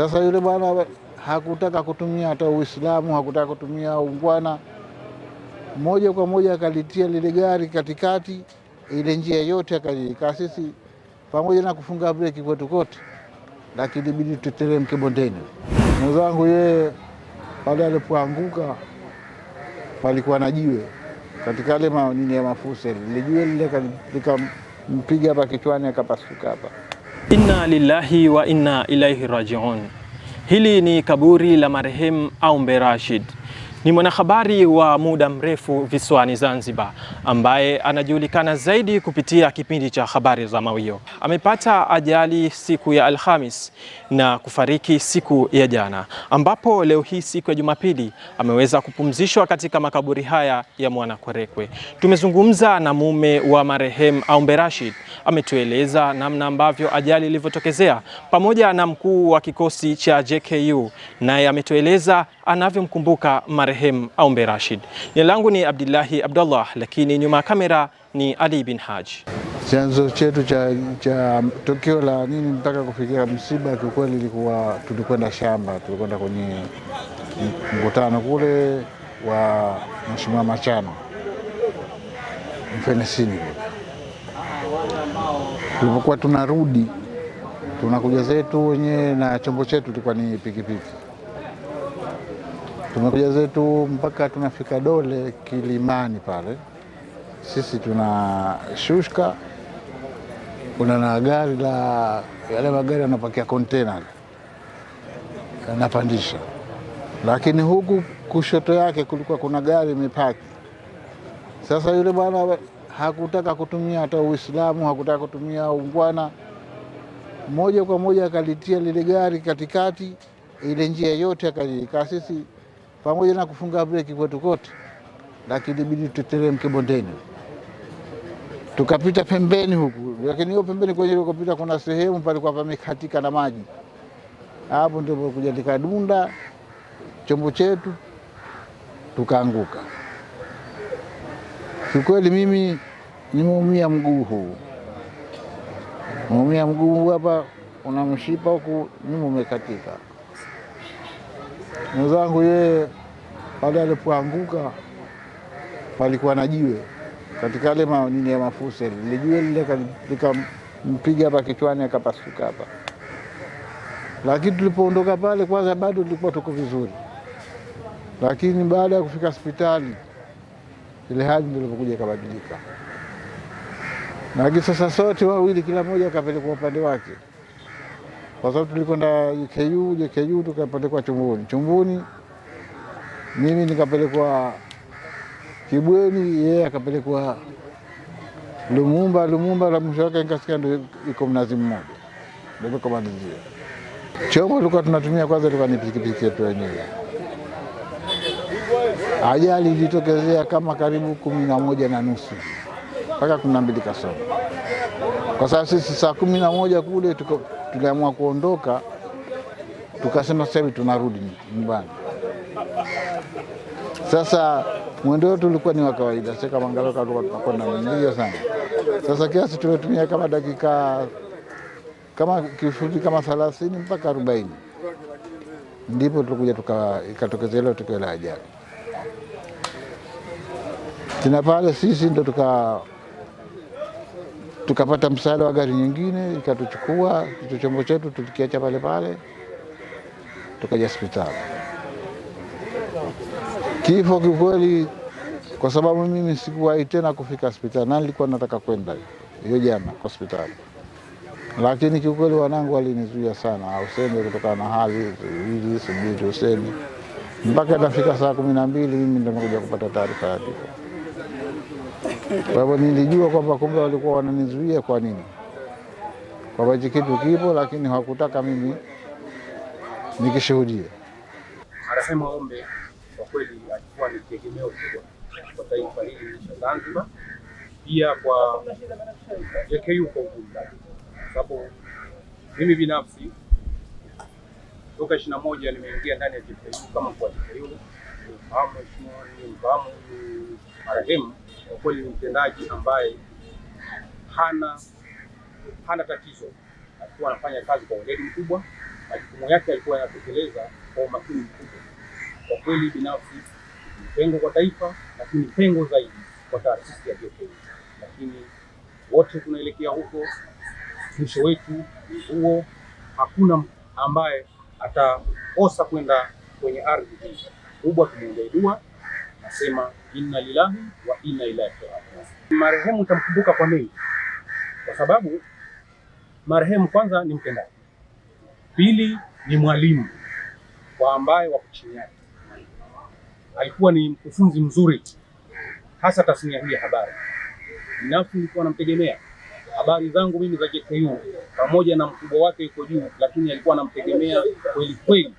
Sasa yule bwana hakutaka kutumia hata Uislamu, hakutaka kutumia ungwana, moja kwa moja akalitia lile gari katikati, ile njia yote akaikaa. Sisi pamoja na kufunga breki kwetu kote, lakini bidi tuteremke bondeni. Mwenzangu yeye pale alipoanguka palikuwa na jiwe katika ile nini ya mafusa, lile jiwe lile likampiga hapa kichwani, akapasuka hapa. Inna lillahi wa inna ilaihi rajiun. Hili ni kaburi la marehemu Aumbe Rashid. Ni mwanahabari wa muda mrefu visiwani Zanzibar ambaye anajulikana zaidi kupitia kipindi cha habari za Mawio. Amepata ajali siku ya Alhamis na kufariki siku ya jana, ambapo leo hii siku ya Jumapili ameweza kupumzishwa katika makaburi haya ya Mwanakwerekwe. Tumezungumza na mume wa marehemu Aumbe Rashid, ametueleza namna ambavyo ajali ilivyotokezea, pamoja na mkuu wa kikosi cha JKU, naye ametueleza anavyomkumbuka marehemu Aumbe Rashid. Jina langu ni abdullahi Abdullah, lakini nyuma ya kamera ni Ali bin Haji. Chanzo chetu cha, cha tukio la nini mpaka kufikia msiba, kiukweli ilikuwa tulikwenda shamba, tulikwenda kwenye mkutano kule wa Mheshimiwa Machano Mfenesini. Tulipokuwa tunarudi tunakuja zetu wenyewe na chombo chetu tulikuwa ni pikipiki Tumekuja zetu mpaka tunafika Dole Kilimani pale, sisi tunashushka, kuna na gari la yale magari yanapakia kontena yanapandisha, lakini huku kushoto yake kulikuwa kuna gari imepaki. Sasa yule bwana hakutaka kutumia hata Uislamu, hakutaka kutumia ungwana, moja kwa moja akalitia lile gari katikati, ile njia yote akaikaa sisi pamoja na kufunga breki kwetu kote, lakini bidi tuteremke bondeni tukapita pembeni huku, lakini hiyo pembeni kwenye kupita kuna sehemu kwa pamekatika na maji. Hapo ndipo kuja tikadunda chombo chetu tukaanguka. Kiukweli mimi nimeumia mguu huu, nimeumia mguu hapa, una mshipa huku nyuma umekatika mwenzangu yeye pale alipoanguka palikuwa na jiwe katika ale manini ya mafuse, lile jiwe lile likampiga hapa kichwani akapasuka hapa. Lakini tulipoondoka pale, kwanza bado tulikuwa tuko vizuri, lakini baada ya kufika hospitali ile hali ndio ilipokuja ikabadilika, lakini sasa sote wawili, kila mmoja akapelekwa upande wake kwa sababu tulikwenda JKU, JKU tukapelekwa Chumbuni, Chumbuni mimi nikapelekwa Kibweni, yeye akapelekwa Lumumba. Lumumba la mwisho wake nikasikia ndio iko Mnazi Mmoja, ndio tukamalizia. Chombo tulikuwa tunatumia kwanza ilikuwa ni pikipiki yetu wenyewe. Ajali ilitokezea kama karibu kumi na moja na nusu mpaka kumi na mbili kasoro, kwa sababu sisi saa kumi na moja kule tuko tuliamua kuondoka, tukasema sasa hivi tunarudi nyumbani. Sasa mwendo wetu ulikuwa ni wa kawaida, sasa tulikuwa tunakwenda mbio sana. Sasa kiasi tulitumia kama dakika kama kifupi kama thelathini mpaka arobaini ndipo tulikuja ikatokeza ile tukio la ajali tena pale, sisi ndo tuka tukapata msaada wa gari nyingine ikatuchukua kitu chombo chetu tulikiacha pale pale, tukaja hospitali. Kifo kiukweli, kwa sababu mimi sikuwahi tena kufika hospitali na nilikuwa nataka kwenda hiyo jana hospitali, lakini kiukweli wanangu walinizuia sana, useme kutokana na hali hizi, sijui useme mpaka nafika saa kumi na mbili mimi ndo nakuja kupata taarifa ya kifo. Kwa hivyo nilijua kwamba kumbe walikuwa wananizuia kwa nini, kwamba hichi kitu kipo, lakini hawakutaka mimi nikishuhudie. Marehemu Ombe kwa kweli alikuwa ni tegemeo kubwa kwa taifa hili la Zanzibar, pia kwa JKU kwa ujumla, sababu mimi binafsi toka ishirini na moja nimeingia ndani ya JKU kama kwa JKU, mfahamu mheshimiwa, mfahamu marehemu kwa kweli ni mtendaji ambaye hana hana tatizo, alikuwa anafanya kazi kwa weledi mkubwa, majukumu yake alikuwa yanatekeleza kwa umakini mkubwa. Kwa kweli binafsi ni pengo kwa taifa, lakini pengo zaidi kwa taasisi ya JK, lakini wote tunaelekea huko, mwisho wetu huo. Hakuna ambaye ataosa kwenda kwenye ardhi hii kubwa. Tumwombee dua, nasema inna lillahi wa inna ilaihi raji'un. Marehemu tamkumbuka kwa nini? kwa sababu marehemu kwanza ni mtendaji, pili ni mwalimu kwa ambaye wako chini yake. Alikuwa ni mkufunzi mzuri, hasa tasnia hii ya habari. Binafsi nilikuwa namtegemea habari zangu mimi za JKU, pamoja na mkubwa wake yuko juu, lakini alikuwa anamtegemea kweli kweli.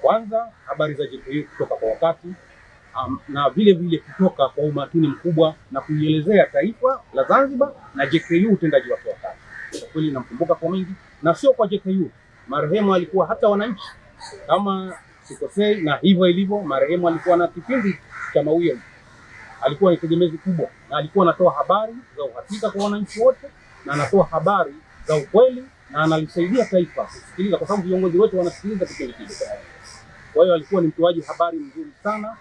Kwanza habari za JKU kutoka kwa wakati um, na vile vile kutoka kwa umakini mkubwa na kuielezea taifa la Zanzibar na JKU utendaji wake wa kazi. Kwa kweli namkumbuka kwa mengi na sio kwa JKU, marehemu alikuwa hata wananchi kama sikosei, na hivyo ilivyo, marehemu alikuwa na kipindi cha Mawio, alikuwa ni tegemezi kubwa, na alikuwa anatoa habari za uhakika kwa wananchi wote, na anatoa habari za ukweli na analisaidia taifa kusikiliza, kwa sababu viongozi wote wanasikiliza kipindi kile. Kwa hiyo alikuwa ni mtoaji habari mzuri sana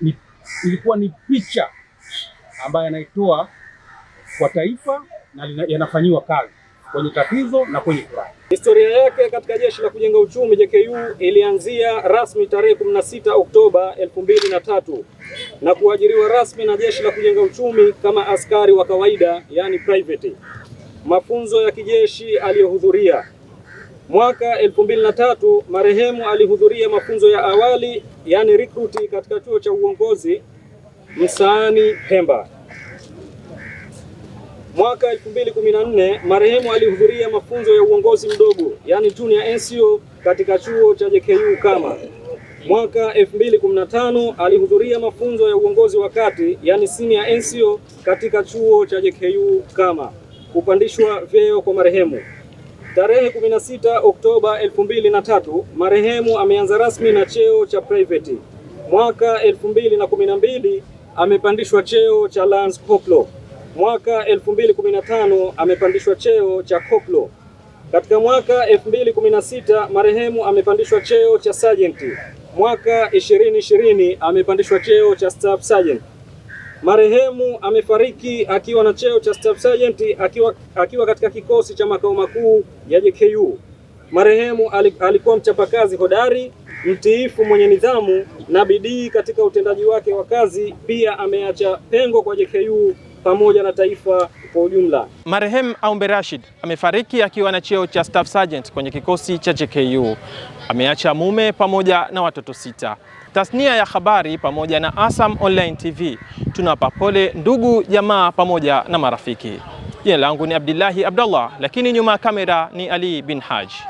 ni, ilikuwa ni picha ambayo anaitoa kwa taifa na yanafanyiwa kazi kwenye tatizo na kwenye furaha. Historia yake katika jeshi la kujenga uchumi JKU ilianzia rasmi tarehe 16 Oktoba 2003 na kuajiriwa rasmi na jeshi la kujenga uchumi kama askari wa kawaida, yani private. Mafunzo ya kijeshi aliyohudhuria Mwaka 2003 marehemu alihudhuria mafunzo ya awali yani recruit katika chuo cha uongozi Msaani Pemba. Mwaka 2014 marehemu alihudhuria mafunzo ya uongozi mdogo yani junior NCO katika chuo cha JKU Kama. Mwaka 2015 alihudhuria mafunzo ya uongozi wa kati yani senior NCO katika chuo cha JKU Kama. Kupandishwa vyeo kwa marehemu Tarehe 16 Oktoba 2003 marehemu ameanza rasmi na cheo cha private. Mwaka 2012 amepandishwa cheo cha Lance Koplo. Mwaka 2015 amepandishwa cheo cha Koplo. Katika mwaka 2016 marehemu amepandishwa cheo cha Sergeant. Mwaka 2020 amepandishwa cheo cha staff sergeant. Marehemu amefariki akiwa na cheo cha staff sergeant akiwa, akiwa katika kikosi cha makao makuu ya JKU. Marehemu alikuwa mchapakazi hodari, mtiifu, mwenye nidhamu na bidii katika utendaji wake wa kazi. Pia ameacha pengo kwa JKU pamoja na taifa kwa ujumla. Marehemu Aumbe Rashid amefariki akiwa na cheo cha staff sergeant kwenye kikosi cha JKU. Ameacha mume pamoja na watoto sita. Tasnia ya habari pamoja na Asam Online TV tunawapa pole ndugu, jamaa pamoja na marafiki. Jina langu ni abdullahi Abdullah, lakini nyuma ya kamera ni Ali bin Haji.